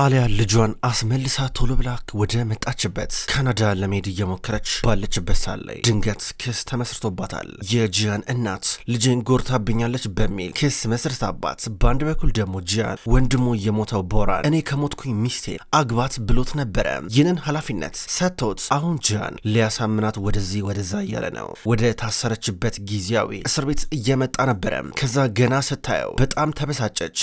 አሊያ ልጇን አስመልሳ ቶሎ ብላ ወደ መጣችበት ካናዳ ለመሄድ እየሞከረች ባለችበት ሳት ላይ ድንገት ክስ ተመስርቶባታል። የጂያን እናት ልጄን ጎርታብኛለች በሚል ክስ መስርታባት፣ በአንድ በኩል ደግሞ ጂያን ወንድሙ የሞተው ቦራን እኔ ከሞትኩኝ ሚስቴ አግባት ብሎት ነበረ። ይህንን ኃላፊነት ሰጥቶት አሁን ጂያን ሊያሳምናት ወደዚህ ወደዛ እያለ ነው። ወደ ታሰረችበት ጊዜያዊ እስር ቤት እየመጣ ነበረ። ከዛ ገና ስታየው በጣም ተበሳጨች።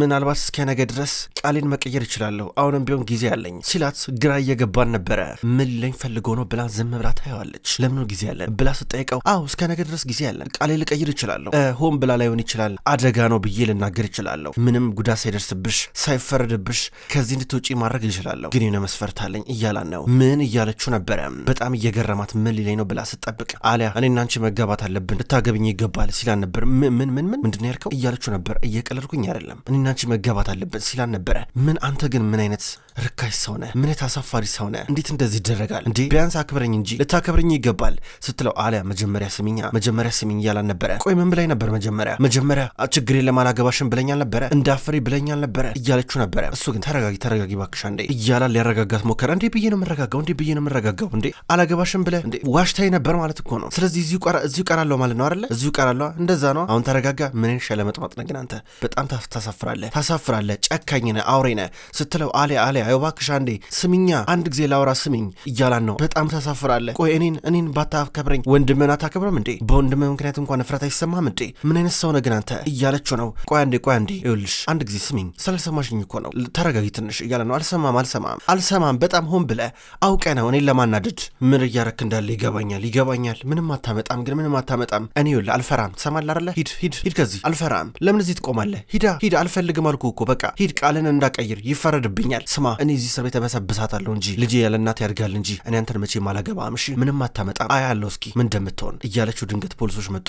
ምናልባት እስከ ነገ ድረስ ቃሌን መቀየር እችላለሁ፣ አሁንም ቢሆን ጊዜ አለኝ ሲላት ግራ እየገባን ነበረ። ምን ለኝ ፈልጎ ነው ብላ ዝም ብላ ታየዋለች። ለምኑ ጊዜ አለን ብላ ስጠይቀው፣ አዎ እስከ ነገ ድረስ ጊዜ አለን፣ ቃሌ ልቀይር እችላለሁ፣ ሆን ብላ ላይሆን ይችላል፣ አደጋ ነው ብዬ ልናገር እችላለሁ፣ ምንም ጉዳት ሳይደርስብሽ ሳይፈረድብሽ ከዚህ እንድትውጪ ማድረግ እችላለሁ፣ ግን የሆነ መስፈርት አለኝ እያላን ነው። ምን እያለችው ነበረ? በጣም እየገረማት ምን ሊለኝ ነው ብላ ስጠብቅ አሊያ እኔ እናንቺ መጋባት አለብን ልታገብኝ ይገባል ሲላን ነበር። ምን ምን ምን ምንድን ያልከው እያለችው ነበር። እየቀለድኩኝ አይደለም እኔ እናንቺ መጋባት አለብን ሲላን ነበረ። ምን አንተ አንተ ግን ምን አይነት ርካሽ ሰው ነህ? ምን አይነት አሳፋሪ ሰው ነህ? እንዴት እንደዚህ ይደረጋል እንዴ? ቢያንስ አክብረኝ እንጂ ልታከብረኝ ይገባል ስትለው አለ መጀመሪያ ስሚኛ መጀመሪያ ስሚኝ እያላን ነበረ። ቆይ ምን ብላኝ ነበር? መጀመሪያ መጀመሪያ ችግሬን ለማላገባሽን ብለኛል ነበረ፣ እንዳፈሪ ብለኛል ነበረ እያለችው ነበረ። እሱ ግን ተረጋጊ ተረጋጊ ባክሻ እንዴ እያላ ሊያረጋጋት ሞከረ። እንዴ ብዬ ነው የምረጋጋው? እንዴ ብዬ ነው የምረጋጋው? እንዴ አላገባሽን ብለ እንዴ ዋሽታይ ነበር ማለት እኮ ነው። ስለዚህ እዚሁ እዚሁ ቀራለሁ ማለት ነው አይደለ? እዚሁ ቀራለሁ። እንደዛ ነው። አሁን ተረጋጋ። ምን ሸለመጥማጥ ነህ ግን አንተ በጣም ታሳፍራለህ፣ ታሳፍራለህ። ጨካኝ ነህ፣ አውሬ ነህ። ስትለው አሊያ አሊያ እባክሽ አንዴ ስሚኛ አንድ ጊዜ ላውራ ስሚኝ እያላን ነው። በጣም ታሳፍራለህ። ቆይ እኔን እኔን ባታከብረኝ ወንድምን አታከብረም እንዴ? በወንድምህ ምክንያት እንኳን እፍረት አይሰማም እንዴ? ምን አይነት ሰው ነህ ግን አንተ እያለችው ነው። ቆይ አንዴ ቆይ አንዴ ይኸውልሽ አንድ ጊዜ ስሚኝ፣ ስላልሰማሽኝ እኮ ነው። ተረጋጊ ትንሽ እያለ ነው። አልሰማም አልሰማም አልሰማም። በጣም ሆን ብለህ አውቀ ነው እኔን ለማናደድ ምን እያረክ እንዳለ ይገባኛል ይገባኛል። ምንም አታመጣም ግን ምንም አታመጣም። እኔ ይኸውልህ አልፈራም። ትሰማለህ አይደለ? ሂድ ሂድ ሂድ ከዚህ አልፈራም። ለምን እዚህ ትቆማለህ? ሂዳ ሂድ። አልፈልግም አልኩህ እኮ በቃ ሂድ። ቃልን እንዳቀይር ይፍ ይፈረድብኛል። ስማ እኔ እዚህ እስር ቤት በሰብሳታለሁ እንጂ ልጄ ያለ እናት ያድጋል እንጂ እኔ አንተን መቼም አላገባም። እሺ ምንም አታመጣም። አያለው እስኪ ምን እንደምትሆን እያለችው ድንገት ፖሊሶች መጡ።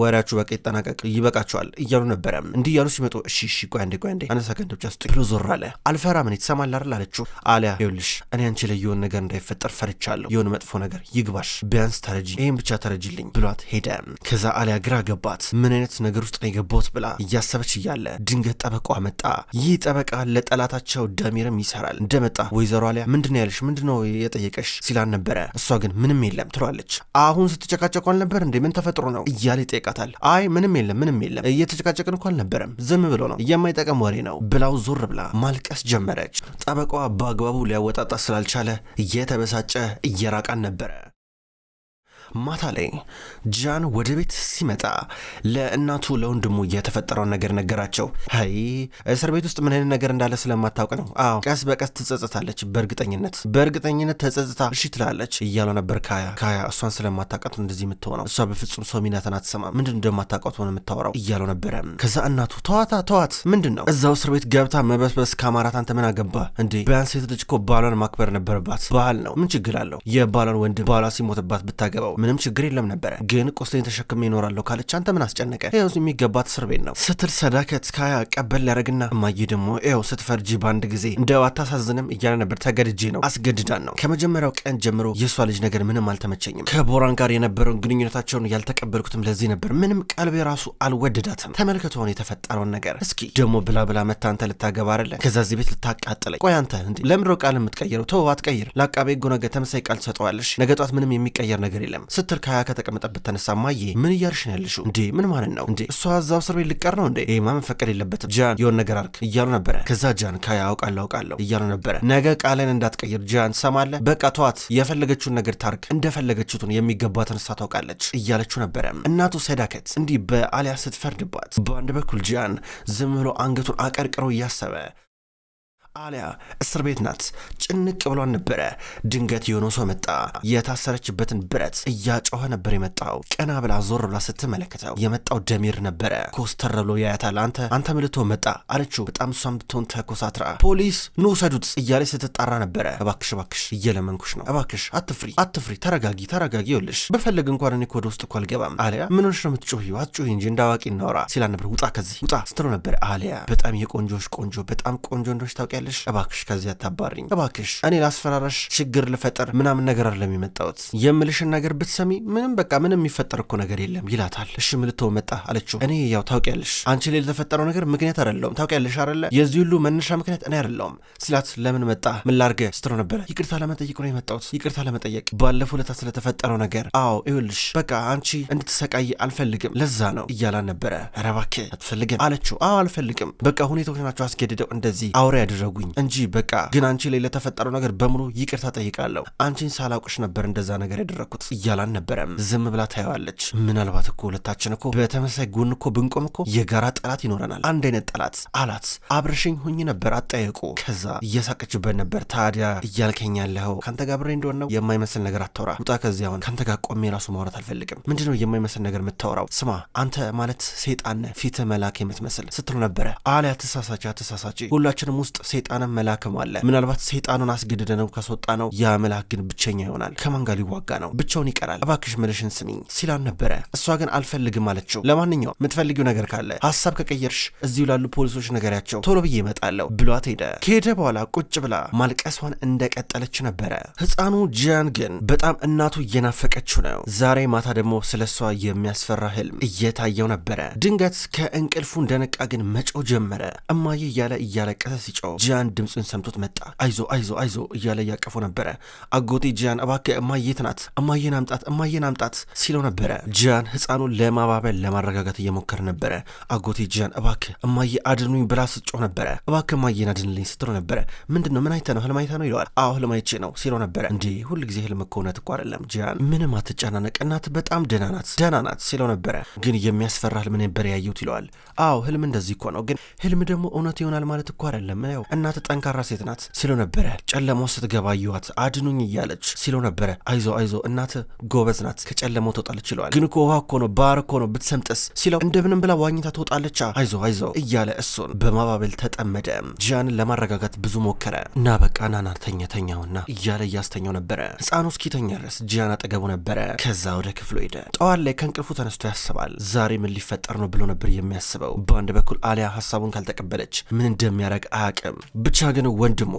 ወሬያችሁ በቃ ይጠናቀቅ ይበቃቸዋል እያሉ ነበረ። እንዲህ እያሉ ሲመጡ እሺ እሺ ቆይ አንዴ ቆይ አንዴ አንድ ሰከንድ ብቻ ስጡኝ ብሎ ዞር አለ። አልፈራም እኔ ትሰማለህ አይደል አለችው። አሊያ ይኸውልሽ እኔ አንቺ ላይ የሆነ ነገር እንዳይፈጠር ፈርቻለሁ። የሆነ መጥፎ ነገር ይግባሽ ቢያንስ ተረጂ፣ ይህም ብቻ ተረጂልኝ ብሏት ሄደ። ከዛ አሊያ ግራ ገባት። ምን አይነት ነገር ውስጥ ነው የገባሁት ብላ እያሰበች እያለ ድንገት ጠበቋ መጣ። ይህ ጠበቃ ለጠላታችን አቻው ዳሚርም ይሰራል። እንደመጣ ወይዘሮ አሊያ ምንድን ነው ያለሽ? ምንድን ነው የጠየቀሽ ሲላን ነበረ። እሷ ግን ምንም የለም ትሏለች። አሁን ስትጨቃጨቁ አልነበር እንዴ? ምን ተፈጥሮ ነው እያለ ይጠይቃታል። አይ ምንም የለም ምንም የለም እየተጨቃጨቅን እኮ አልነበረም፣ ዝም ብሎ ነው የማይጠቅም ወሬ ነው ብላው ዞር ብላ ማልቀስ ጀመረች። ጠበቋ በአግባቡ ሊያወጣጣ ስላልቻለ እየተበሳጨ እየራቃን ነበረ። ማታ ላይ ጃን ወደ ቤት ሲመጣ ለእናቱ ለወንድሙ የተፈጠረውን ነገር ነገራቸው። አይ እስር ቤት ውስጥ ምን አይነት ነገር እንዳለ ስለማታውቅ ነው። አዎ ቀስ በቀስ ትጸጽታለች። በእርግጠኝነት በእርግጠኝነት ተጸጽታ እሺ ትላለች እያለው ነበር ካያ። ካያ እሷን ስለማታውቃት እንደዚህ የምትሆነው እሷ በፍጹም ሰው ሚናትን አትሰማ ምንድን እንደማታውቃት ሆነ የምታወራው እያለ ነበረ። ከዛ እናቱ ተዋታ ተዋት፣ ምንድን ነው እዛው እስር ቤት ገብታ መበስበስ ከአማራት አንተ ምን አገባ እንዴ? ቢያንስ ሴት ልጅ እኮ ባሏን ማክበር ነበረባት። ባህል ነው ምን ችግር አለው? የባሏን ወንድም ባሏ ሲሞትባት ብታገባው ምንም ችግር የለም ነበረ፣ ግን ቁስሌን ተሸክሜ ይኖራለሁ ካለች አንተ ምን አስጨነቀ? ያው የሚገባት እስር ቤት ነው ስትል ሰዳከት ካያ ቀበል ሊያደረግና እማዬ ደግሞ ያው ስትፈርጂ በአንድ ጊዜ እንደው አታሳዝንም እያለ ነበር። ተገድጄ ነው አስገድዳን ነው። ከመጀመሪያው ቀን ጀምሮ የእሷ ልጅ ነገር ምንም አልተመቸኝም። ከቦራን ጋር የነበረውን ግንኙነታቸውን ያልተቀበልኩትም ለዚህ ነበር። ምንም ቀልቤ ራሱ አልወደዳትም። ተመልከቱ አሁን የተፈጠረውን ነገር። እስኪ ደግሞ ብላ ብላ መታ አንተ ልታገባ አለ ከዛዚህ ቤት ልታቃጥለኝ። ቆይ አንተ እንዲ ለምድሮ ቃል የምትቀይረው? ተው አትቀይር። ለአቃቤ ሕጉ ነገ ተመሳይ ቃል ትሰጠዋለሽ። ነገ ጧት ምንም የሚቀየር ነገር የለም። ስትል ከሀያ ከተቀመጠበት ተነሳ። ማዬ ምን እያልሽ ነው ያለሽው? እንዴ ምን ማለት ነው እንዴ? እሷ እዛው እስር ቤት ልቀር ነው እንዴ? ይሄማ መፈቀድ የለበትም ጃን፣ የሆን ነገር አርግ እያሉ ነበረ። ከዛ ጃን ከሀያ አውቃለሁ አውቃለሁ እያሉ ነበረ። ነገ ቃለን እንዳትቀይር ጃን፣ ሰማለ በቃ ተዋት፣ የፈለገችውን ነገር ታርግ፣ እንደፈለገችትን የሚገባትን እሷ ታውቃለች እያለችው ነበረ። እናቱ ሰዳከት እንዲህ በአሊያ ስትፈርድባት፣ በአንድ በኩል ጃን ዝም ብሎ አንገቱን አቀርቅሮ እያሰበ አሊያ እስር ቤት ናት። ጭንቅ ብሏን ነበረ። ድንገት የሆነ ሰው መጣ። የታሰረችበትን ብረት እያጮኸ ነበር የመጣው። ቀና ብላ ዞር ብላ ስትመለከተው የመጣው ደሚር ነበረ። ኮስተር ብሎ ያያታል። አንተ አንተ ምልቶ መጣ አለችው። በጣም እሷም ብትሆን ተኮሳትራ ፖሊስ ንውሰዱት ውሰዱት እያለች ስትጣራ ነበረ። እባክሽ እባክሽ እየለመንኩሽ ነው። እባክሽ አትፍሪ አትፍሪ፣ ተረጋጊ ተረጋጊ። ይኸውልሽ ብፈልግ እንኳን እኔ እኮ ወደ ውስጥ እኮ አልገባም። አሊያ ምን ሆንሽ ነው የምትጮሂው? አትጮሂ እንጂ እንዳዋቂ እናውራ ሲላ ነበር። ውጣ ከዚህ ውጣ ስትለው ነበር። አሊያ በጣም የቆንጆች ቆንጆ በጣም ቆንጆ እንደሆነች ታውቂያለሽ ታውቂያለሽ። እባክሽ ከዚህ አታባሪኝ እባክሽ። እኔ ላስፈራራሽ ችግር ልፈጠር ምናምን ነገር አለም የመጣሁት። የምልሽን ነገር ብትሰሚ ምንም በቃ ምንም የሚፈጠር እኮ ነገር የለም ይላታል። እሺ ምልቶ መጣ አለችው። እኔ ያው ታውቂያለሽ አንቺ ላይ ለተፈጠረው ነገር ምክንያት አይደለውም ታውቂያለሽ አይደለ የዚህ ሁሉ መነሻ ምክንያት እኔ አይደለሁም ሲላት፣ ለምን መጣ ምን ላርገ ስትሮ ነበረ። ይቅርታ ለመጠየቅ ነው የመጣሁት ይቅርታ ለመጠየቅ ባለፈው ለታ ስለተፈጠረው ነገር። አዎ ይኸውልሽ በቃ አንቺ እንድትሰቃይ አልፈልግም ለዛ ነው እያላን ነበረ። ኧረ እባክህ አትፈልግም አለችው። አዎ አልፈልግም በቃ ሁኔታዎች ናቸው አስገድደው እንደዚህ አውሬ ያደረጉ አረጉኝ እንጂ በቃ ግን አንቺ ላይ ለተፈጠረው ነገር በሙሉ ይቅርታ ጠይቃለሁ። አንቺን ሳላውቅሽ ነበር እንደዛ ነገር ያደረግኩት እያላን ነበረም። ዝም ብላ ታየዋለች። ምናልባት እኮ ሁለታችን እኮ በተመሳይ ጎን እኮ ብንቆም እኮ የጋራ ጠላት ይኖረናል፣ አንድ አይነት ጠላት አላት። አብረሽኝ ሁኝ ነበር አጠየቁ። ከዛ እየሳቀችበት ነበር። ታዲያ እያልከኝ ያለኸው ከአንተ ጋር ብሬ እንደሆን ነው? የማይመስል ነገር አታውራ፣ ውጣ ከዚያ። አሁን ከአንተ ጋር ቆሜ ራሱ ማውራት አልፈልግም። ምንድነው የማይመስል ነገር የምታወራው? ስማ አንተ ማለት ሴጣን ፊት መላክ የምትመስል ስትሉ ነበረ አሊያ። አትሳሳች አትሳሳች፣ ሁላችንም ውስጥ የሰይጣንን መላክም አለ። ምናልባት ሰይጣኑን አስገድደ ነው ካስወጣ ነው ያ መልአክ ግን ብቸኛ ይሆናል። ከማን ጋር ሊዋጋ ነው? ብቻውን ይቀራል። እባክሽ ምልሽን ስሚኝ ሲላን ነበረ። እሷ ግን አልፈልግም አለችው። ለማንኛውም የምትፈልጊው ነገር ካለ ሀሳብ ከቀየርሽ እዚሁ ላሉ ፖሊሶች ነገሪያቸው፣ ቶሎ ብዬ እመጣለሁ ብሏት ሄደ። ከሄደ በኋላ ቁጭ ብላ ማልቀሷን እንደቀጠለች ነበረ። ህፃኑ ጂያን ግን በጣም እናቱ እየናፈቀችው ነው። ዛሬ ማታ ደግሞ ስለ እሷ የሚያስፈራ ህልም እየታየው ነበረ። ድንገት ከእንቅልፉ እንደነቃ ግን መጮ ጀመረ። እማዬ እያለ እያለቀሰ ሲጮ ጂያን ድምፁን ሰምቶት መጣ። አይዞ አይዞ አይዞ እያለ እያቀፉ ነበረ። አጎቴ ጂያን እባክህ እማየት ናት እማየን አምጣት እማየን አምጣት ሲለው ነበረ። ጂያን ህፃኑን ለማባበል ለማረጋጋት እየሞከረ ነበረ። አጎቴ ጂያን እባክህ እማየ አድኑኝ ብላ ስትጮህ ነበረ። እባክህ እማየን አድንልኝ ስትለው ነበረ። ምንድን ነው ምን አይተ ነው ህልም ነው ይለዋል። አዎ ህልም አይቼ ነው ሲለው ነበረ። እንዴ ሁል ጊዜ ህልም እኮ እውነት እኮ አይደለም ጂያን፣ ምንም አትጨናነቅ፣ እናት በጣም ደህና ናት ደህና ናት ሲለው ነበረ። ግን የሚያስፈራ ህልም ነበር ያየሁት ይለዋል። አዎ ህልም እንደዚህ እኮ ነው፣ ግን ህልም ደግሞ እውነት ይሆናል ማለት እኮ አይደለም ያው እናት ጠንካራ ሴት ናት ሲሉ ነበረ። ጨለማው ስትገባ አየኋት አድኑኝ እያለች ሲሉ ነበረ። አይዞ አይዞ እናት ጎበዝ ናት ከጨለማው ትወጣለች ይለዋል። ግን እኮ ውሃ እኮ ነው ባህር እኮ ነው ብትሰምጥስ ሲለው እንደምንም ብላ ዋኝታ ትወጣለች አይዞ አይዞ እያለ እሱን በማባበል ተጠመደ። ጂያንን ለማረጋጋት ብዙ ሞከረ። እና በቃ ናና ተኛ ተኛውና እያለ እያስተኛው ነበረ። ህፃኑ እስኪተኛ ድረስ ጃን አጠገቡ ነበረ። ከዛ ወደ ክፍሉ ሄደ። ጠዋት ላይ ከእንቅልፉ ተነስቶ ያስባል። ዛሬ ምን ሊፈጠር ነው ብሎ ነበር የሚያስበው። በአንድ በኩል አሊያ ሀሳቡን ካልተቀበለች ምን እንደሚያደርግ አያቅም። ብቻ ግን ወንድሙ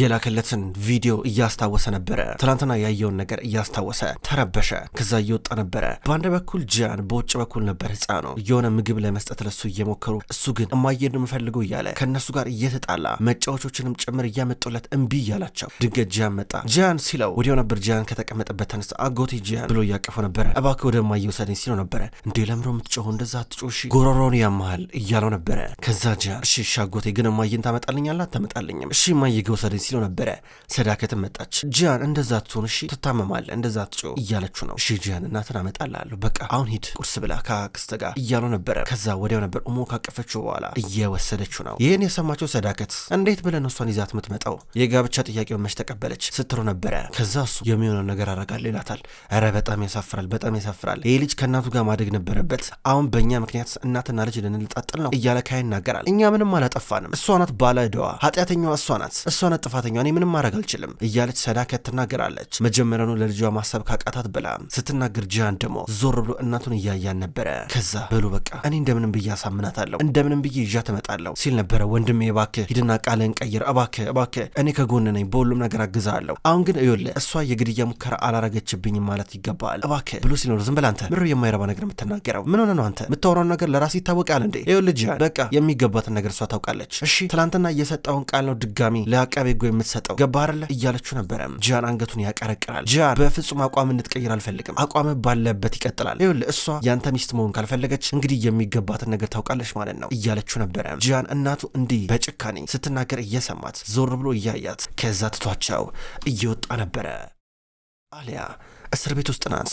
የላከለትን ቪዲዮ እያስታወሰ ነበረ። ትናንትና ያየውን ነገር እያስታወሰ ተረበሸ። ከዛ እየወጣ ነበረ። በአንድ በኩል ጂያን፣ በውጭ በኩል ነበር ህፃኑ የሆነ ምግብ ለመስጠት ለሱ እየሞከሩ እሱ ግን እማዬን ነው የምፈልገው እያለ ከእነሱ ጋር እየተጣላ መጫወቾችንም ጭምር እያመጡለት እምቢ እያላቸው ድንገት ጂያን መጣ። ጂያን ሲለው ወዲያው ነበር ጂያን ከተቀመጠበት ተነስ አጎቴ ጂያን ብሎ እያቀፈው ነበረ። እባክህ ወደ እማዬ ውሰደኝ ሲለው ነበረ። እንዴ ለምሮ የምትጮሆ እንደዛ ትጮሺ ጎሮሮን ያመሃል እያለው ነበረ። ከዛ ጂያን እሺ አጎቴ ግን እማዬን ታመጣልኛላት አታመጣልኝም፣ እሺ እማዬ ጋ ሲለው ነበረ። ሰዳከትም መጣች። ጂያን እንደዛ ትሆን፣ እሺ ትታመማለ እንደዛ ትጮ እያለችው ነው። እሺ ጂያን እናትን አመጣልሃለሁ፣ በቃ አሁን ሂድ ቁርስ ብላ ከአክስት ጋር እያለው ነበረ። ከዛ ወዲያው ነበር እሞ ካቀፈችው በኋላ እየወሰደችው ነው። ይህን የሰማቸው ሰዳከት እንዴት ብለን እሷን ይዛት የምትመጣው የጋብቻ ጥያቄውን መች ተቀበለች ስትሮ ነበረ። ከዛ እሱ የሚሆነው ነገር አረጋለሁ ይላታል። ኧረ በጣም ያሳፍራል፣ በጣም ያሳፍራል። ይህ ልጅ ከእናቱ ጋር ማደግ ነበረበት። አሁን በእኛ ምክንያት እናትና ልጅ ልንልጣጥል ነው እያለ ካያ ይናገራል። እኛ ምንም አላጠፋንም፣ እሷ ናት ባለ ዕዳዋ ኃጢአተኛዋ እሷ ናት፣ እሷ ናት ጥፋተኛ፣ እኔ ምንም ማድረግ አልችልም እያለች ሰዳከት ትናገራለች። መጀመሪያኑ ለልጇ ማሰብ ካቃታት ብላ ስትናገር ጂያን ደግሞ ዞር ብሎ እናቱን እያያን ነበረ። ከዛ በሉ በቃ እኔ እንደምንም ብዬ አሳምናታለሁ፣ እንደምንም ብዬ ይዣ ትመጣለሁ ሲል ነበረ። ወንድሜ እባክህ ሂድና ቃልህን ቀይር፣ እባክህ እባክህ፣ እኔ ከጎን ነኝ፣ በሁሉም ነገር አግዛለሁ። አሁን ግን እዩልህ እሷ የግድያ ሙከራ አላረገችብኝም ማለት ይገባል እባክህ ብሎ ሲኖር ዝም ብላ አንተ ምሮ የማይረባ ነገር የምትናገረው ምን ሆነ ነው አንተ የምታወራውን ነገር ለራስ ይታወቃል እንዴ? ይኸውልህ ጂያን በቃ የሚገባትን ነገር እሷ ታውቃለች። እሺ ትላንትና እየሰጠ የሰጠውን ቃል ነው ድጋሚ ለአቃቤ ሕጉ የምትሰጠው ገባርለ እያለችው ነበረ። ጃን አንገቱን ያቀረቅራል። ጃን በፍጹም አቋም እንድትቀይር አልፈልግም። አቋም ባለበት ይቀጥላል። ይኸውልህ እሷ ያንተ ሚስት መሆን ካልፈለገች እንግዲህ የሚገባትን ነገር ታውቃለች ማለት ነው እያለችው ነበረ። ጃን እናቱ እንዲህ በጭካኔ ስትናገር እየሰማት ዞር ብሎ እያያት ከዛ ትቷቸው እየወጣ ነበረ አሊያ እስር ቤት ውስጥ ናት።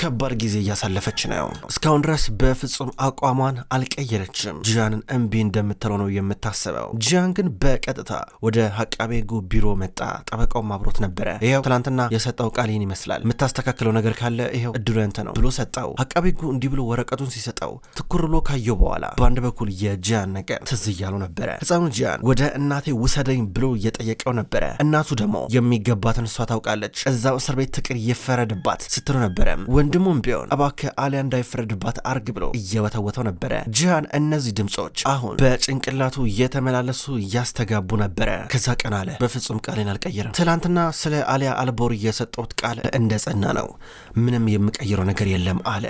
ከባድ ጊዜ እያሳለፈች ነው። እስካሁን ድረስ በፍጹም አቋሟን አልቀየረችም። ጂያንን እምቢ እንደምትለው ነው የምታስበው። ጂያን ግን በቀጥታ ወደ አቃቤ ሕጉ ቢሮ መጣ። ጠበቃውም አብሮት ነበረ። ይኸው ትናንትና የሰጠው ቃል ይህን ይመስላል፣ የምታስተካክለው ነገር ካለ ይኸው እድሉ ያንተ ነው ብሎ ሰጠው። አቃቤ ሕጉ እንዲህ ብሎ ወረቀቱን ሲሰጠው ትኩር ብሎ ካየው በኋላ በአንድ በኩል የጂያን ነገር ትዝ እያሉ ነበረ። ህፃኑ ጂያን ወደ እናቴ ውሰደኝ ብሎ እየጠየቀው ነበረ። እናቱ ደግሞ የሚገባትን እሷ ታውቃለች፣ እዛው እስር ቤት ትቅር ይፈ ፍረድባት ስትሉ ነበረ። ወንድሙም ቢሆን እባክህ አሊያ እንዳይፍረድባት አርግ ብሎ እየወተወተው ነበረ። ጂሃን እነዚህ ድምፆች አሁን በጭንቅላቱ እየተመላለሱ እያስተጋቡ ነበረ። ከዛ ቀን አለ በፍጹም ቃሌን አልቀይርም። ትላንትና ስለ አሊያ አልቦር የሰጠሁት ቃል እንደጸና ነው። ምንም የምቀይረው ነገር የለም አለ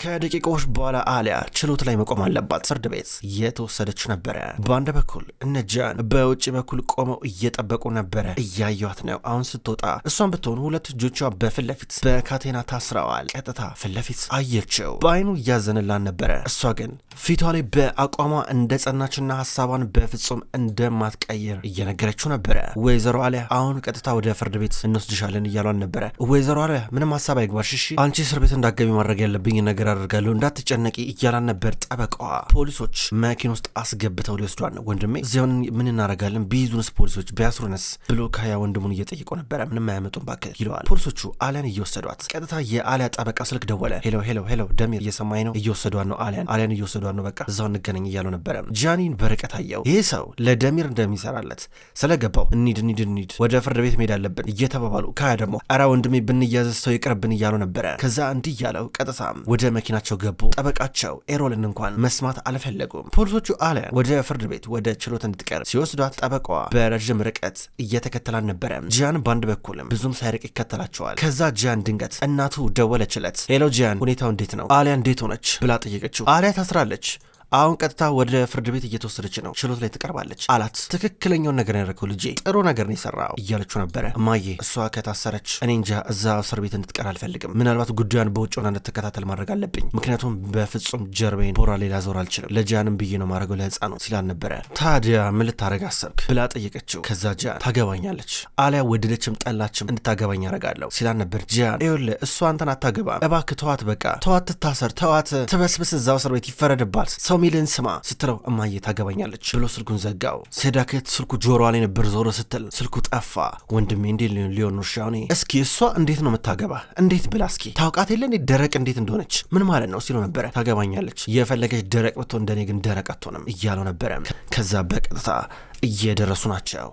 ከደቂቃዎች በኋላ አሊያ ችሎት ላይ መቆም አለባት። ፍርድ ቤት የተወሰደች ነበረ። በአንድ በኩል እነ ጃን በውጭ በኩል ቆመው እየጠበቁ ነበረ። እያየዋት ነው። አሁን ስትወጣ እሷን ብትሆኑ ሁለት እጆቿ በፊት ለፊት በካቴና ታስረዋል። ቀጥታ ፊት ለፊት አየችው። በአይኑ እያዘንላን ነበረ። እሷ ግን ፊቷ ላይ በአቋሟ እንደ ጸናችና ሀሳቧን በፍጹም እንደማትቀይር እየነገረችው ነበረ። ወይዘሮ አሊያ አሁን ቀጥታ ወደ ፍርድ ቤት እንወስድሻለን እያሏን ነበረ። ወይዘሮ አሊያ ምንም ሀሳብ አይግባሽ፣ እሺ አንቺ እስር ቤት እንዳገቢ ማድረግ ያለብኝ ነገር ነገር አደርጋለሁ እንዳትጨነቂ እያላን ነበር ጠበቃዋ። ፖሊሶች መኪና ውስጥ አስገብተው ሊወስዷን ነው። ወንድሜ እዚያውን ምን እናደርጋለን? ቢይዙንስ ፖሊሶች ቢያስሩንስ? ብሎ ካያ ወንድሙን እየጠየቀው ነበረ። ምንም አያመጡም እባክህ ይለዋል። ፖሊሶቹ አሊያን እየወሰዷት፣ ቀጥታ የአሊያ ጠበቃ ስልክ ደወለ። ሄሎ ሄሎ ሄሎ፣ ደሚር እየሰማኝ ነው? እየወሰዷን ነው አሊያን፣ አሊያን እየወሰዷን ነው። በቃ እዛው እንገናኝ እያለው ነበረ። ጃኒን በርቀት አየው። ይህ ሰው ለደሚር እንደሚሰራለት ስለገባው እኒድ እኒድ እኒድ ወደ ፍርድ ቤት መሄድ አለብን እየተባባሉ ካያ ደግሞ አራ ወንድሜ ሰው ይቅርብን እያለው ነበረ። ከዛ እንዲህ እያለው ቀጥታ ወደ መኪናቸው ገቡ። ጠበቃቸው ኤሮልን እንኳን መስማት አልፈለጉም። ፖሊሶቹ አለን ወደ ፍርድ ቤት ወደ ችሎት እንድትቀርብ ሲወስዷት ጠበቃዋ በረዥም ርቀት እየተከተላን ነበረ። ጂያን በአንድ በኩልም ብዙም ሳይርቅ ይከተላቸዋል። ከዛ ጂያን ድንገት እናቱ ደወለችለት። ሄሎ ጂያን፣ ሁኔታው እንዴት ነው? አሊያ እንዴት ሆነች ብላ ጠየቀችው። አሊያ ታስራለች አሁን ቀጥታ ወደ ፍርድ ቤት እየተወሰደች ነው። ችሎት ላይ ትቀርባለች አላት። ትክክለኛውን ነገር ያደረገው ልጄ ጥሩ ነገር ነው የሰራው እያለችው ነበረ። እማዬ እሷ ከታሰረች እኔ እንጃ እዛ እስር ቤት እንድትቀር አልፈልግም። ምናልባት ጉዳዩን በውጭ ሆና እንድትከታተል ማድረግ አለብኝ። ምክንያቱም በፍጹም ጀርባዬን ቦራ ሌላ ዞር አልችልም። ለጃንም ብዬ ነው ማድረገው ለህፃኑ ሲላል ነበረ። ታዲያ ምን ልታደረግ አሰብክ ብላ ጠየቀችው። ከዛ ጃን ታገባኛለች አሊያ ወደደችም ጠላችም እንድታገባኝ ያደርጋለሁ ሲላል ነበር። ጃን ይኸውልህ እሷ አንተን አታገባም፣ እባክህ ተዋት፣ በቃ ተዋት፣ ትታሰር፣ ተዋት፣ ትበስብስ እዛው እስር ቤት ይፈረድባል ሰው ጀሚልን ስማ ስትለው እማዬ ታገባኛለች ብሎ ስልኩን ዘጋው። ሴዳከት ስልኩ ጆሮዋ ላይ ነበር። ዞሮ ስትል ስልኩ ጠፋ። ወንድሜ እንዴ ሊሆን ሻኔ እስኪ እሷ እንዴት ነው የምታገባ እንዴት ብላ እስኪ ታውቃት የለ ደረቅ እንዴት እንደሆነች ምን ማለት ነው ሲለው ነበረ። ታገባኛለች የፈለገች ደረቅ ብትሆን እንደኔ ግን ደረቅ አትሆንም እያለው ነበረም። ከዛ በቀጥታ እየደረሱ ናቸው።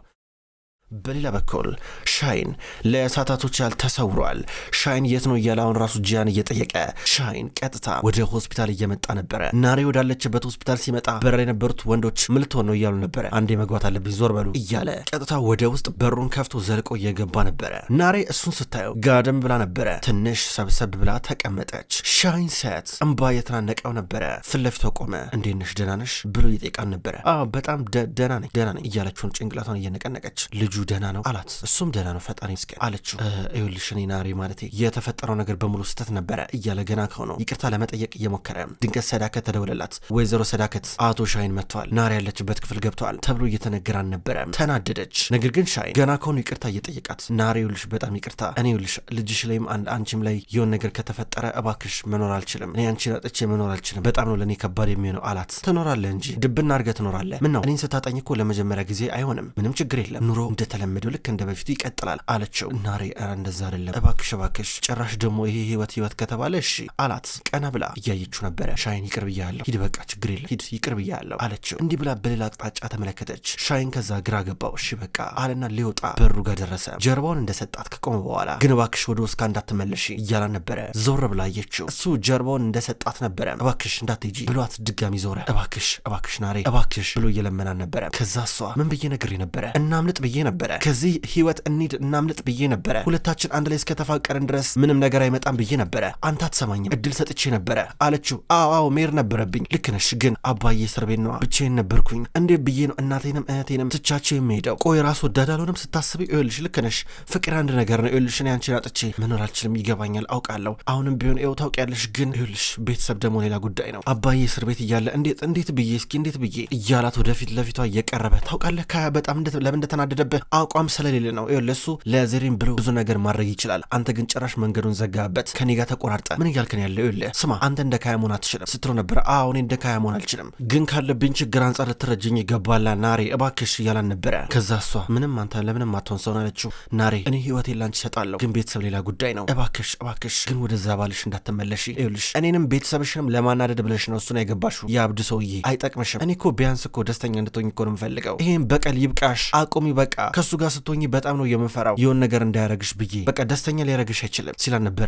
በሌላ በኩል ሻይን ለእሳታቶች ያህል ተሰውሯል። ሻይን የት ነው እያለ አሁን ራሱ ጂያን እየጠየቀ ሻይን ቀጥታ ወደ ሆስፒታል እየመጣ ነበረ። ናሬ ወዳለችበት ሆስፒታል ሲመጣ በር ላይ የነበሩት ወንዶች ምልትሆን ነው እያሉ ነበረ። አንዴ መግባት አለብኝ ዞር በሉ እያለ ቀጥታ ወደ ውስጥ በሩን ከፍቶ ዘልቆ እየገባ ነበረ። ናሬ እሱን ስታየው ጋደም ብላ ነበረ። ትንሽ ሰብሰብ ብላ ተቀመጠች። ሻይን ሰት እምባ የተናነቀው ነበረ። ፊት ለፊቷ ቆመ። እንዴት ነሽ ደህና ነሽ ብሎ እየጠየቃን ነበረ። በጣም ደህና ነኝ ደህና ነኝ እያለችውን ጭንቅላቷን እየነቀነቀች ልጁ ልጁ ደህና ነው አላት። እሱም ደህና ነው ፈጣሪ ይመስገን አለችው። ይኸውልሽ እኔ ናሬ ማለቴ የተፈጠረው ነገር በሙሉ ስህተት ነበረ እያለ ገና ከሆነው ይቅርታ ለመጠየቅ እየሞከረ ድንገት ሰዳከት ተደውለላት። ወይዘሮ ሰዳከት አቶ ሻይን መጥተዋል፣ ናሬ ያለችበት ክፍል ገብተዋል ተብሎ እየተነገረ ነበረ። ተናደደች። ነገር ግን ሻይን ገና ከሆኑ ይቅርታ እየጠየቃት ናሬ ይኸውልሽ በጣም ይቅርታ እኔ ይኸውልሽ ልጅሽ ላይም አንድ አንቺም ላይ የሆን ነገር ከተፈጠረ እባክሽ መኖር አልችልም፣ እኔ አንቺን አጥቼ መኖር አልችልም፣ በጣም ነው ለእኔ ከባድ የሚሆነው አላት። ትኖራለህ እንጂ ድብና አድርገህ ትኖራለህ። ምን ነው እኔን ስታጠኝ እኮ ለመጀመሪያ ጊዜ አይሆንም። ምንም ችግር የለም ኑሮ እንደ እንደተለመደው ልክ እንደ በፊቱ ይቀጥላል አለችው። ናሬ ኧረ እንደዛ አይደለም እባክሽ እባክሽ፣ ጭራሽ ደግሞ ይሄ ህይወት ህይወት ከተባለ እሺ አላት። ቀና ብላ እያየችው ነበረ። ሻይን ይቅር ብያለሁ፣ ሂድ በቃ ችግር የለም ሂድ፣ ይቅር ብያለሁ አለችው። እንዲህ ብላ በሌላ አቅጣጫ ተመለከተች። ሻይን ከዛ ግራ ገባው። እሺ በቃ አለና ሊወጣ በሩ ጋር ደረሰ። ጀርባውን እንደሰጣት ከቆመ በኋላ ግን እባክሽ ወደ ውስካ እንዳትመለሽ እያላ ነበረ። ዞር ብላ አየችው። እሱ ጀርባውን እንደሰጣት ነበረ። እባክሽ እንዳትሄጂ ብሏት ድጋሚ ዞረ። እባክሽ እባክሽ ናሬ እባክሽ ብሎ እየለመናን ነበረ። ከዛ እሷ ምን ብዬ ነግሬ ነበረ እናምልጥ ብዬ ነበረ ነበረ። ከዚህ ህይወት እንሂድ እናምልጥ ብዬ ነበረ። ሁለታችን አንድ ላይ እስከተፋቀርን ድረስ ምንም ነገር አይመጣም ብዬ ነበረ። አንተ አትሰማኝም፣ እድል ሰጥቼ ነበረ አለችው። አዎ አዎ መሄድ ነበረብኝ፣ ልክ ነሽ። ግን አባዬ እስር ቤት ነዋ፣ ብቻዬን ነበርኩኝ። እንዴት ብዬ ነው እናቴንም እህቴንም ትቻቸው የሚሄደው? ቆይ ራስ ወዳድ አልሆንም ስታስብ። ይኸውልሽ ልክ ነሽ፣ ፍቅር አንድ ነገር ነው። ይኸውልሽ እኔ አንቺን አጥቼ መኖር አልችልም። ይገባኛል፣ አውቃለሁ። አሁንም ቢሆን ይኸው ታውቂያለሽ። ግን ይኸውልሽ ቤተሰብ ደግሞ ሌላ ጉዳይ ነው። አባዬ እስር ቤት እያለ እንዴት እንዴት ብዬ እስኪ እንዴት ብዬ እያላት ወደፊት ለፊቷ እየቀረበ ታውቃለህ፣ በጣም ለምን እንደተናደደብህ አቋም ስለሌለ ነው። ለሱ ለዘሬን ብሎ ብዙ ነገር ማድረግ ይችላል። አንተ ግን ጭራሽ መንገዱን ዘጋበት። ከኔ ጋር ተቆራርጠ ምን እያልክን ያለው ይኸውልህ፣ ስማ አንተ እንደ ካያ መሆን አትችልም ስትሮ ነበረ። አዎ እኔ እንደ ካያ መሆን አልችልም፣ ግን ካለብኝ ችግር አንጻር ልትረጅኝ ይገባላ ናሬ እባክሽ እያላን ነበረ። ከዛ እሷ ምንም አንተ ለምንም አትሆን ሰውን አለችው። ናሬ እኔ ህይወቴ ላንቺ እሰጣለሁ፣ ግን ቤተሰብ ሌላ ጉዳይ ነው። እባክሽ እባክሽ ግን ወደዛ ባልሽ እንዳትመለሽ። ይኸውልሽ እኔንም ቤተሰብሽንም ለማናደድ ብለሽ ነው እሱን ያገባሽው። የአብድ ሰውዬ አይጠቅምሽም። እኔ እኮ ቢያንስ እኮ ደስተኛ እንድትሆኝ እኮ ነው የምፈልገው። ይህም በቀል ይብቃሽ፣ አቁሚ በቃ ከእሱ ጋር ስትሆኝ በጣም ነው የምንፈራው የሆን ነገር እንዳያረግሽ ብዬ በቃ ደስተኛ ሊያረግሽ አይችልም ሲላ ነበር።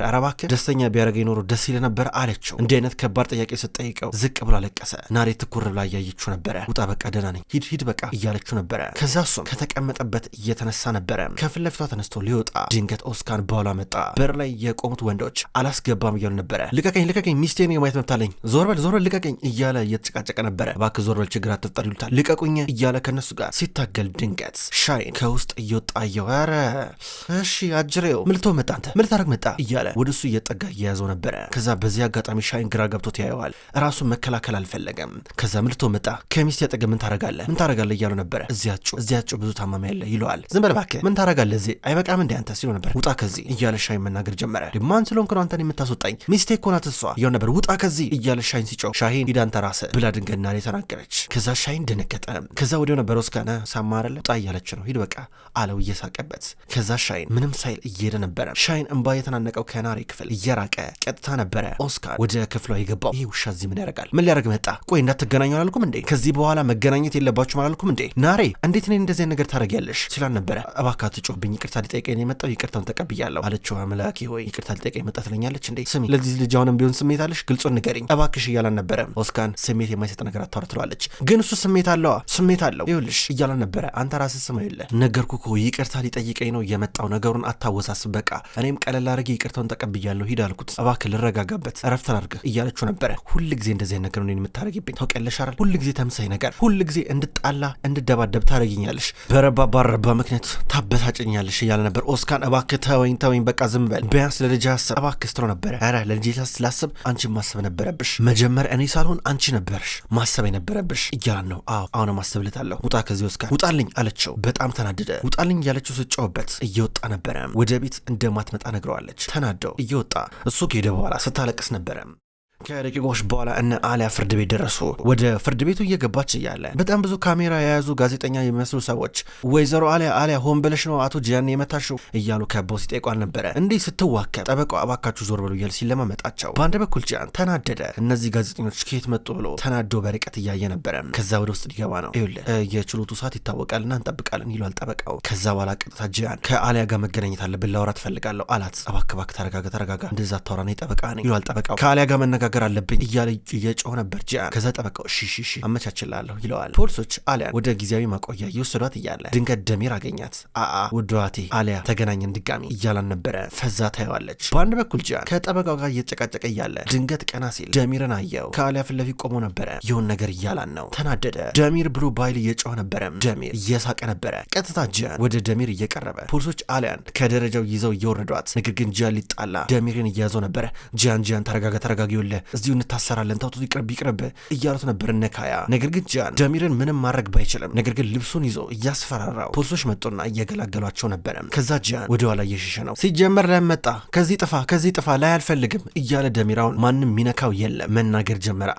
ደስተኛ ቢያረገኝ ኖሮ ደስ ይል ነበር አለችው። እንዲህ አይነት ከባድ ጥያቄ ስትጠይቀው ዝቅ ብሎ አለቀሰ። ናሬ ትኩር ብላ እያየችው ነበረ። ውጣ በቃ ደህና ነኝ፣ ሂድ ሂድ በቃ እያለችው ነበረ። ከዛ እሱም ከተቀመጠበት እየተነሳ ነበረ። ከፊት ለፊቷ ተነስቶ ሊወጣ ድንገት ኦስካን በኋላ መጣ። በር ላይ የቆሙት ወንዶች አላስገባም እያሉ ነበረ። ልቀቀኝ ልቀቀኝ፣ ሚስቴን የማየት መብታለኝ፣ ዞር በል ዞር በል ልቀቀኝ እያለ እየተጨቃጨቀ ነበረ። እባክህ ዞር በል ችግር አትፍጠር ይሉታል፣ ልቀቁኝ እያለ ከነሱ ጋር ሲታገል ድንገት ሻይ ከውስጥ እየወጣ አየው። ኧረ እሺ አጅሬው ምልቶ መጣ፣ አንተ ምልት አረግ መጣ እያለ ወደ እሱ እየጠጋ እየያዘው ነበረ። ከዛ በዚህ አጋጣሚ ሻይን ግራ ገብቶት ያየዋል። ራሱን መከላከል አልፈለገም። ከዛ ምልቶ መጣ። ከሚስት ያጠገብ ምን ታረጋለ ምን ታረጋለ እያሉ ነበረ። እዚያጩ እዚያጩ ብዙ ታማሚ ያለ ይለዋል። ዝም በል እባክህ ምን ታረጋለ እዚህ አይበቃም እንዲ አንተ ሲሉ ነበር። ውጣ ከዚህ እያለ ሻይን መናገር ጀመረ። ድማን ስለሆንክ ነው አንተን የምታስወጣኝ? ሚስቴ እኮ ናት እሷ እያሉ ነበር። ውጣ ከዚህ እያለ ሻይን ሲጮህ ሻሂን ሂዳንተ ራስህ ብላ ድንገና ተናገረች። ከዛ ሻይን ደነገጠ። ከዛ ወዲያው ነበረ ወስካነ ሳማ አይደለ ውጣ እያለች ነው ሂድ በቃ አለው እየሳቀበት። ከዛ ሻይን ምንም ሳይል እየሄደ ነበረ። ሻይን እንባ የተናነቀው ከናሬ ክፍል እየራቀ ቀጥታ ነበረ ኦስካር ወደ ክፍሏ የገባው። ይሄ ውሻ እዚህ ምን ያደርጋል? ምን ሊያደርግ መጣ? ቆይ እንዳትገናኙ አላልኩም እንዴ? ከዚህ በኋላ መገናኘት የለባችሁ አላልኩም እንዴ? ናሬ እንዴት ነ እንደዚህ ነገር ታደርጊያለሽ? ሲላን ነበረ። እባክህ አትጮህብኝ፣ ይቅርታ ሊጠይቀኝ ነው የመጣው፣ ይቅርታውን ተቀብያለሁ አለችው። አምላኬ ሆይ ይቅርታ ሊጠይቀኝ መጣ ትለኛለች እንዴ? ስሚ፣ ለዚህ ልጅ አሁንም ቢሆን ስሜት አለሽ፣ ግልጹን ንገሪኝ እባክሽ እያላን ነበረ። ኦስካን ስሜት የማይሰጥ ነገር አታወራ ትለዋለች። ግን እሱ ስሜት አለዋ፣ ስሜት አለው ይኸውልሽ እያላን ነበረ። አንተ ራስህ ስማ የለ ነገርኩ እኮ ይቅርታ ሊጠይቀኝ ነው የመጣው። ነገሩን አታወሳስ በቃ። እኔም ቀለል አድርጌ ይቅርታውን ተቀብያለሁ ሂድ አልኩት። እባክህ ልረጋጋበት፣ እረፍት አድርገህ እያለችው ነበረ። ሁል ጊዜ እንደዚህ አይነት ነገር ነው የምታደርጊብኝ ታውቂያለሽ አይደል? ሁል ጊዜ ተምሳይ ነገር፣ ሁል ጊዜ እንድጣላ እንድደባደብ ታደርጊኛለሽ። በረባ ባረባ ምክንያት ታበሳጭኛለሽ እያለ ነበር። ኦስካን እባክህ ተወኝ ተወኝ፣ በቃ ዝም በል ቢያንስ ለልጅ አስብ እባክህ ስትለው ነበረ። ኧረ ለልጅ ስላስብ አንቺ ማሰብ ነበረብሽ መጀመሪያ፣ እኔ ሳልሆን አንቺ ነበርሽ ማሰብ የነበረብሽ እያለ ነው። አዎ አሁን ማሰብልታለሁ። ውጣ ከዚህ ኦስካን ውጣልኝ አለችው በጣም ተናደደ። ውጣልኝ ያለችው ስጫውበት እየወጣ ነበረ። ወደ ቤት እንደማትመጣ ነግረዋለች። ተናደው እየወጣ እሱ ከሄደ በኋላ ስታለቅስ ነበረም ከደቂቆች በኋላ እነ አሊያ ፍርድ ቤት ደረሱ። ወደ ፍርድ ቤቱ እየገባች እያለ በጣም ብዙ ካሜራ የያዙ ጋዜጠኛ የሚመስሉ ሰዎች ወይዘሮ አሊያ አሊያ ሆን ብለሽ ነው አቶ ጂያን የመታሽው እያሉ ከበው ሲጠይቋል ነበረ። እንዲህ ስትዋከብ ጠበቃው አባካችሁ ዞር ብሎ እያል ሲለማመጣቸው፣ በአንድ በኩል ጂያን ተናደደ። እነዚህ ጋዜጠኞች ከየት መጡ ብሎ ተናዶ በርቀት እያየ ነበረ። ከዛ ወደ ውስጥ ሊገባ ነው። ይኸውልህ የችሎቱ ሰዓት ይታወቃል ይታወቃልና እንጠብቃለን ይሏል ጠበቃው። ከዛ በኋላ ቀጥታ ጂያን ከአሊያ ጋር መገናኘት አለብን፣ ላውራ ትፈልጋለሁ አላት። አባክባክ ተረጋጋ፣ ተረጋጋ፣ እንደዛ አታውራ፣ ነው ጠበቃ ነኝ ይሏል ጠበቃው። ከአሊያ ጋር መነጋገ መነጋገር አለብኝ እያለ እየጮኸ ነበር ጂያን። ከዛ ጠበቃው ሺሺሺ አመቻችላለሁ ይለዋል። ፖሊሶች አሊያን ወደ ጊዜያዊ ማቆያ እየወሰዷት እያለ ድንገት ደሚር አገኛት። አአ ወደዋቴ አሊያ ተገናኘን ድጋሚ እያላን ነበረ። ፈዛ ታየዋለች። በአንድ በኩል ጂያን ከጠበቃው ጋር እየተጨቃጨቀ እያለ ድንገት ቀና ሲል ደሚርን አየው። ከአሊያ ፊት ለፊት ቆሞ ነበረ። ይሁን ነገር እያላን ነው። ተናደደ። ደሚር ብሎ ባይል እየጮኸ ነበረ። ደሚር እየሳቀ ነበረ። ቀጥታ ጂያን ወደ ደሚር እየቀረበ ፖሊሶች አሊያን ከደረጃው ይዘው እየወረዷት፣ ነገር ግን ጂያን ሊጣላ ደሚርን እያያዘው ነበረ። ጂያን ጂያን ተረጋጋ ተረጋጊ፣ እዚሁ እንታሰራለን፣ ታውቶ ይቅርብ ይቅርብ እያሉት ነበር እነ ካያ። ነገር ግን ጃን ጃሚርን ምንም ማድረግ ባይችልም፣ ነገር ግን ልብሱን ይዞ እያስፈራራው ፖሊሶች መጡና እየገላገሏቸው ነበረ። ከዛ ጃን ወደ ኋላ እየሸሸ ነው። ሲጀመር ለመጣ ከዚህ ጥፋ ከዚህ ጥፋ ላይ አልፈልግም እያለ ደሚራውን ማንም ሚነካው የለም መናገር ጀመረ።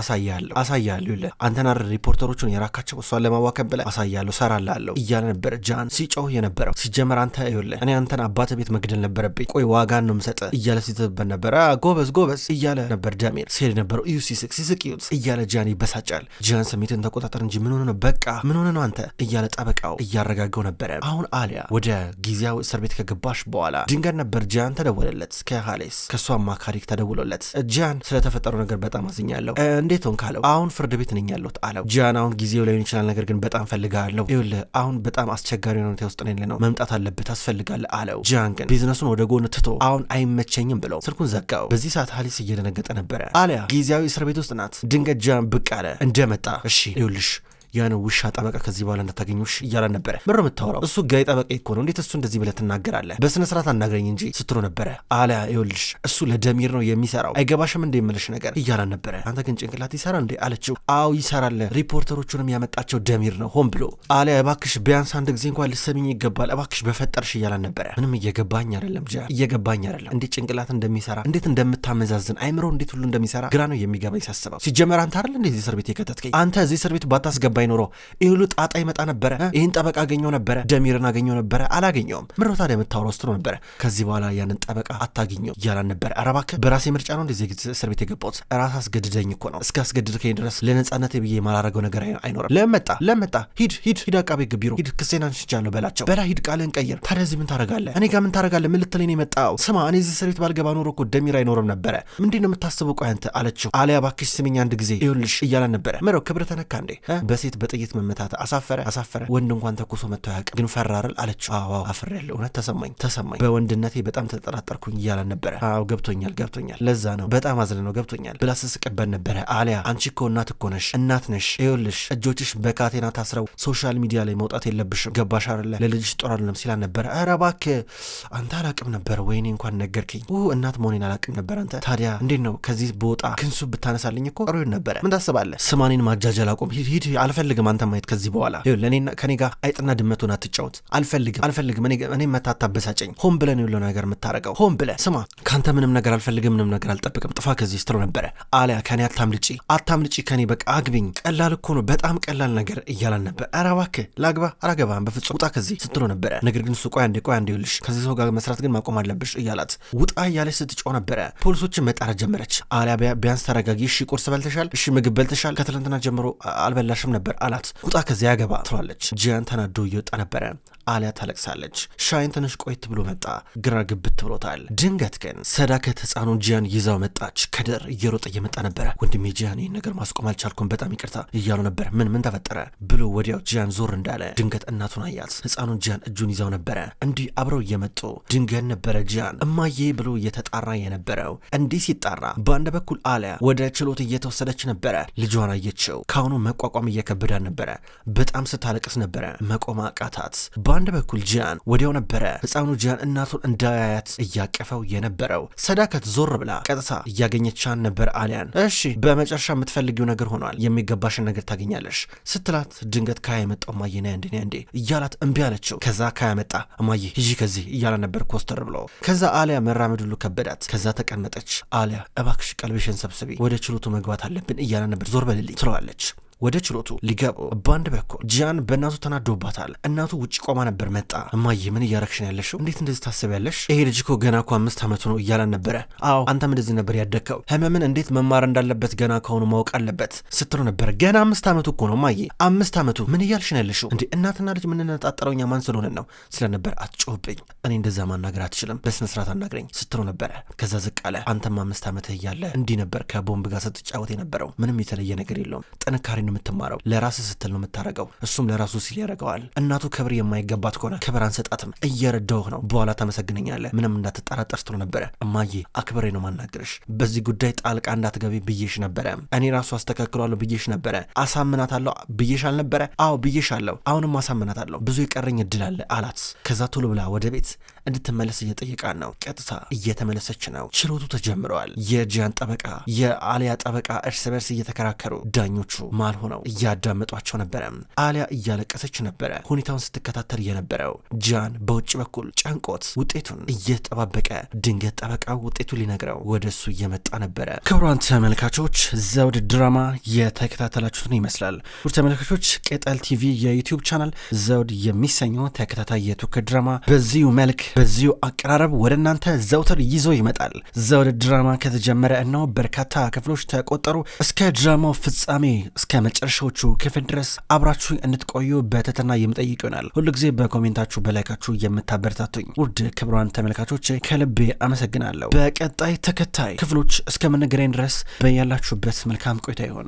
አሳያለሁ አሳያለሁ ይለ አንተናር ሪፖርተሮቹን የራካቸው እሷን ለማዋከብ ብለ አሳያለሁ ሰራላለሁ እያለ ነበር ጃን ሲጮህ የነበረው። ሲጀመር አንተ ይለ እኔ አንተን አባት ቤት መግደል ነበረብኝ ቆይ ዋጋን ነው ምሰጠ እያለ ሲትበት ነበረ። ጎበዝ ጎበዝ እያለ ነበር ነበር ዳሜር ሲሄድ ነበረው እዩ ሲስቅ ሲስቅ ዩት እያለ ጃን ይበሳጫል። ጃን ስሜትን ተቆጣጠር እንጂ ምን ሆነ ነው በቃ ምን ሆነ ነው አንተ እያለ ጠበቃው እያረጋገው ነበረ። አሁን አሊያ ወደ ጊዜያዊ እስር ቤት ከገባሽ በኋላ ድንገት ነበር ጃን ተደወለለት ከሃሌስ ከእሱ አማካሪ ተደውሎለት ጃን ስለተፈጠሩ ነገር በጣም አዝኛለሁ እንዴት ሆንክ አለው። አሁን ፍርድ ቤት ነኝ ያለሁት አለው። ጃን አሁን ጊዜው ላይሆን ይችላል ነገር ግን በጣም ፈልጋለሁ ይኸውልህ አሁን በጣም አስቸጋሪ የሆነ ሁኔታ ውስጥ ነኝ ነው መምጣት አለብህ ታስፈልጋለህ አለው። ጃን ግን ቢዝነሱን ወደ ጎን ትቶ አሁን አይመቸኝም ብለው ስልኩን ዘጋው። በዚህ ሰዓት ሃሌስ እየደነገጠ ነበረ። አሊያ ጊዜያዊ እስር ቤት ውስጥ ናት። ድንገት ጃን ብቅ አለ እንደመጣ እሺ ይውልሽ ያን ውሻ ጠበቃ ከዚህ በኋላ እንዳታገኙሽ እያለ ነበረ። ምር የምታወራው እሱ ጋይ ጠበቃ እኮ ነው፣ እንዴት እሱ እንደዚህ ብለህ ትናገራለህ? በስነ ስርዓት አናግረኝ እንጂ ስትሎ ነበረ። አለ ይኸውልሽ፣ እሱ ለደሚር ነው የሚሰራው፣ አይገባሽም እንደ የምልሽ ነገር እያለ ነበረ። አንተ ግን ጭንቅላት ይሰራ እንዴ አለችው። አዎ ይሰራል፣ ሪፖርተሮቹንም ያመጣቸው ደሚር ነው ሆን ብሎ። አለ እባክሽ፣ ቢያንስ አንድ ጊዜ እንኳን ልሰሚኝ ይገባል፣ እባክሽ በፈጠርሽ እያለ ነበረ። ምንም እየገባኝ አይደለም ጃ፣ እየገባኝ አይደለም እንዴት ጭንቅላት እንደሚሰራ እንዴት እንደምታመዛዝን አይምሮ እንዴት ሁሉ እንደሚሰራ ግራ ነው የሚገባ። ሳስበው። ሲጀመር አንተ አይደል እንዴት እስር ቤት የከተትከኝ? አንተ እዚህ እስር ቤት ባታስገባኝ ባይኖረው ይህ ሁሉ ጣጣ ይመጣ ነበረ? ይህን ጠበቃ አገኘው ነበረ? ደሚርን አገኘው ነበረ? አላገኘውም። ምነው ታዲያ የምታወራው ስትሎ ነበረ። ከዚህ በኋላ ያንን ጠበቃ አታገኘው እያላን ነበረ። ኧረ እባክህ በራሴ ምርጫ ነው እንደዚህ እስር ቤት የገባሁት ራስ አስገድደኝ እኮ ነው። እስከ አስገድድከኝ ድረስ ለነጻነት ብዬ የማላረገው ነገር አይኖርም። ለመጣ ለመጣ ሂድ ሂድ ሂድ አቃቤ ሕግ ቢሮ ሂድ፣ ክሴን አንስቻለሁ በላቸው። በላ ሂድ፣ ቃልህን ቀይር። ታዲያ እዚህ ምን ታረጋለህ? እኔ ጋር ምን ታረጋለህ? ምን ልትለኝ ነው የመጣው? ስማ እኔ እዚህ እስር ቤት ባልገባ ኖሮ እኮ ደሚር አይኖርም ነበረ። ምንድን ነው የምታስበው? ቆይ አንተ አለችው። አሊያ እባክሽ ስሚኝ አንድ ጊዜ ይኸውልሽ እያላን ነበረ። ምረው ክብር ተነካ እንዴ? በሴ ሴት በጥይት መመታት አሳፈረ አሳፈረ። ወንድ እንኳን ተኩሶ መጥቶ ያቅ ግን ፈራርል አለችው። አፍር ያለ እውነት ተሰማኝ ተሰማኝ፣ በወንድነቴ በጣም ተጠራጠርኩኝ እያለ ነበረ። አዎ ገብቶኛል ገብቶኛል፣ ለዛ ነው በጣም አዝለ ነው ገብቶኛል ብላ ስስቀበል ነበረ። አሊያ አንቺ እኮ እናት እኮ ነሽ እናት ነሽ፣ ይኸውልሽ እጆችሽ በካቴና ታስረው ሶሻል ሚዲያ ላይ መውጣት የለብሽም ገባሽ አለ። ለልጅሽ ጦር አለም ሲላ ነበረ። ኧረ እባክህ አንተ አላቅም ነበር፣ ወይኔ እንኳን ነገርከኝ፣ እናት መሆኔን አላቅም ነበር። አንተ ታዲያ እንዴት ነው ከዚህ ቦጣ ክንሱ ብታነሳልኝ እኮ ሩ ነበረ። ምን ታስባለህ? ስማኔን ማጃጀል አቁም፣ ሂድ ሂድ አልፈ አልፈልግም አንተ ማየት ከዚህ በኋላ ለእኔና ከኔ ጋር አይጥና ድመቱን አትጫወት። አልፈልግም አልፈልግም። እኔ መታታ በሳጨኝ ሆን ብለን የለው ነገር የምታረገው ሆን ብለ ስማ፣ ከአንተ ምንም ነገር አልፈልግም፣ ምንም ነገር አልጠብቅም። ጥፋ ከዚህ ስትለው ነበረ አሊያ። ከኔ አታምልጪ፣ አታምልጪ ከኔ በቃ አግቢኝ። ቀላል እኮ ነው፣ በጣም ቀላል ነገር እያላን ነበር። ኧረ እባክህ ላግባ፣ አላገባህም፣ በፍጹም ውጣ ከዚህ ስትለው ነበረ። ነገር ግን እሱ ቆይ አንዴ፣ ቆይ አንዴ፣ ይኸውልሽ ከዚህ ሰው ጋር መስራት ግን ማቆም አለብሽ እያላት ውጣ እያለች ስትጮ ነበረ። ፖሊሶችን መጣራት ጀመረች። አሊያ ቢያንስ ተረጋጊ፣ እሺ ቁርስ በልተሻል፣ እሺ ምግብ በልተሻል፣ ከትላንትና ጀምሮ አልበላሽም ነበር ነበር አላት። ውጣ ከዚያ ያገባ ትሏለች። ጂያን ተናዶ እየወጣ ነበረ። አሊያ ታለቅሳለች። ሻይን ትንሽ ቆየት ብሎ መጣ። ግራ ግብት ብሎታል። ድንገት ግን ሰዳከት ህፃኑ ጂያን ይዛው መጣች። ከድር እየሮጠ እየመጣ ነበረ። ወንድሜ ጂያን ይህን ነገር ማስቆም አልቻልኩም፣ በጣም ይቅርታ እያሉ ነበር። ምን ምን ተፈጠረ ብሎ ወዲያው ጂያን ዞር እንዳለ ድንገት እናቱን አያት። ህፃኑን ጂያን እጁን ይዛው ነበረ። እንዲህ አብረው እየመጡ ድንገን ነበረ ጂያን እማዬ ብሎ እየተጣራ የነበረው። እንዲህ ሲጣራ በአንድ በኩል አሊያ ወደ ችሎት እየተወሰደች ነበረ። ልጇን አየችው። ካሁኑ መቋቋም እየከበ ስትበደብዳ ነበረ። በጣም ስታለቅስ ነበረ። መቆም አቃታት። በአንድ በኩል ጂያን ወዲያው ነበረ ህፃኑ ጂያን እናቱን እንዳያያት እያቀፈው የነበረው። ሰዳከት ዞር ብላ ቀጥታ እያገኘቻን ነበር አሊያን። እሺ በመጨረሻ የምትፈልጊው ነገር ሆኗል፣ የሚገባሽን ነገር ታገኛለሽ ስትላት ድንገት ካያ የመጣው እማዬ ነይ እንዴ እንዴ እያላት እምቢ አለችው። ከዛ ካያ መጣ እማዬ ሂጂ ከዚህ እያለ ነበር ኮስተር ብሎ። ከዛ አሊያ መራመድ ሁሉ ከበዳት። ከዛ ተቀመጠች። አሊያ እባክሽ ቀልብሽን ሰብስቢ፣ ወደ ችሎቱ መግባት አለብን እያለ ነበር። ዞር በልልኝ ትለዋለች። ወደ ችሎቱ ሊገቡ በአንድ በኩል ጂያን በእናቱ ተናዶባታል። እናቱ ውጭ ቆማ ነበር። መጣ እማዬ፣ ምን እያረግሽ ነው ያለሽው? እንዴት እንደዚህ ታስቢያለሽ? ይሄ ልጅ እኮ ገና እኮ አምስት ዓመቱ ነው እያላን ነበረ። አዎ አንተም እንደዚህ ነበር ያደግከው። ህመምን እንዴት መማር እንዳለበት ገና ከሆኑ ማወቅ አለበት ስትሉ ነበር። ገና አምስት ዓመቱ እኮ ነው እማዬ፣ አምስት ዓመቱ። ምን እያልሽ ነው ያለሽው? እንዴ እናትና ልጅ የምንነጣጠረው እኛ ማን ስለሆነን ነው ስለነበር፣ አትጮህብኝ። እኔ እንደዛ ማናገር አትችልም። በስነ ስርዓት አናግረኝ ስትሉ ነበረ። ከዛ ዝቅ አለ። አንተም አምስት ዓመትህ እያለ እንዲህ ነበር ከቦምብ ጋር ስትጫወት የነበረው። ምንም የተለየ ነገር የለውም ጥንካሬ ነው የምትማረው፣ ለራስ ስትል ነው የምታረገው፣ እሱም ለራሱ ሲል ያደርገዋል። እናቱ ክብር የማይገባት ከሆነ ክብር አንሰጣትም። እየረዳሁህ ነው፣ በኋላ ታመሰግነኛለህ፣ ምንም እንዳትጠራጠር ስትሎ ነበረ። እማዬ አክብሬ ነው ማናገርሽ፣ በዚህ ጉዳይ ጣልቃ እንዳትገቢ ብዬሽ ነበረ። እኔ ራሱ አስተካክሏለሁ ብዬሽ ነበረ። አሳምናታለሁ ብዬሽ አልነበረ? አዎ ብዬሽ አለው። አሁንም አሳምናታለሁ። ብዙ የቀረኝ እድል አለ አላት። ከዛ ቶሎ ብላ ወደ ቤት እንድትመለስ እየጠየቃን ነው። ቀጥታ እየተመለሰች ነው። ችሎቱ ተጀምረዋል። የጂያን ጠበቃ፣ የአሊያ ጠበቃ እርስ በርስ እየተከራከሩ ዳኞቹ ማል ሆነው እያዳመጧቸው ነበረ። አሊያ እያለቀሰች ነበረ ሁኔታውን ስትከታተል የነበረው። ጂያን በውጭ በኩል ጨንቆት ውጤቱን እየተጠባበቀ ድንገት ጠበቃው ውጤቱን ሊነግረው ወደ እሱ እየመጣ ነበረ። ክቡራን ተመልካቾች ዘውድ ድራማ የተከታተላችሁትን ይመስላል። ውድ ተመልካቾች ቅጠል ቲቪ የዩቲዩብ ቻናል ዘውድ የሚሰኘው ተከታታይ የቱርክ ድራማ በዚሁ መልክ በዚሁ አቀራረብ ወደ እናንተ ዘውትር ይዞ ይመጣል። ዘውድ ድራማ ከተጀመረ እነው በርካታ ክፍሎች ተቆጠሩ። እስከ ድራማው ፍጻሜ እስከ መጨረሻዎቹ ክፍል ድረስ አብራችሁ እንድትቆዩ በትህትና የምጠይቅ ይሆናል። ሁሉ ጊዜ በኮሜንታችሁ በላይካችሁ የምታበረታቱኝ ውድ ክብሯን ተመልካቾች ከልቤ አመሰግናለሁ። በቀጣይ ተከታይ ክፍሎች እስከምንገናኝ ድረስ በያላችሁበት መልካም ቆይታ ይሆን።